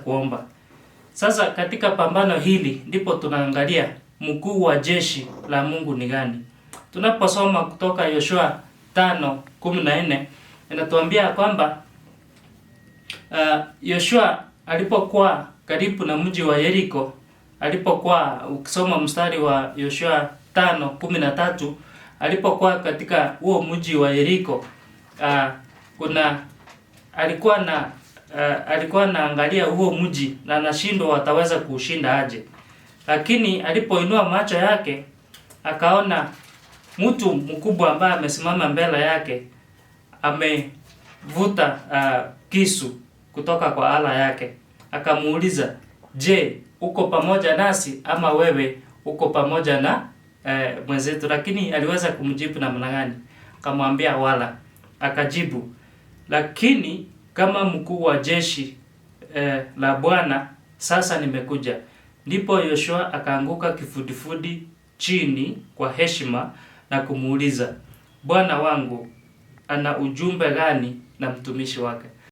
Kuomba. Sasa katika pambano hili ndipo tunaangalia mkuu wa jeshi la Mungu ni gani. Tunaposoma kutoka Yoshua 5:14 inatuambia kwamba uh, Yoshua alipokuwa karibu na mji wa Yeriko, alipokuwa ukisoma mstari wa Yoshua 5:13 alipokuwa katika huo mji wa Yeriko, uh, kuna alikuwa na uh, alikuwa anaangalia huo mji na anashindwa wataweza kuushinda aje, lakini alipoinua macho yake akaona mtu mkubwa ambaye amesimama mbele yake amevuta uh, kisu kutoka kwa ala yake. Akamuuliza, je, uko pamoja nasi ama wewe uko pamoja na eh, mwenzetu? Lakini aliweza kumjibu namna gani? Akamwambia wala. Akajibu, lakini kama mkuu wa jeshi eh, la Bwana, sasa nimekuja. Ndipo Yoshua akaanguka kifudifudi chini kwa heshima na kumuuliza, Bwana wangu ana ujumbe gani na mtumishi wake?